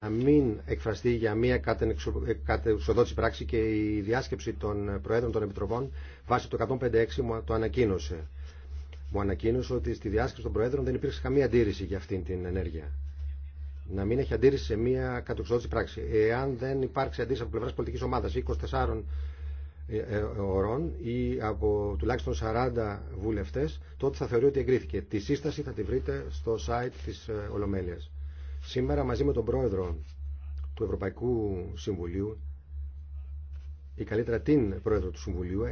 να μην εκφραστεί για μια ε, κατεξοδότηση πράξη και η διάσκεψη των Προέδρων των Επιτροπών βάσει το 156 μου το ανακοίνωσε. Μου ανακοίνωσε ότι στη διάσκεψη των Προέδρων δεν υπήρξε καμία αντίρρηση για αυτήν την ενέργεια. Να μην έχει αντίρρηση σε μια κατεξοδότηση πράξη. Εάν δεν υπάρξει αντίρρηση από πλευρά πολιτική ομάδα 24 ε, ε, ωρών ή από τουλάχιστον 40 βουλευτές τότε θα θεωρεί ότι εγκρίθηκε. Τη σύσταση θα τη βρείτε στο site της Ολομέλειας. Σήμερα μαζί με τον πρόεδρο του Ευρωπαϊκού Συμβουλίου ή καλύτερα την πρόεδρο του Συμβουλίου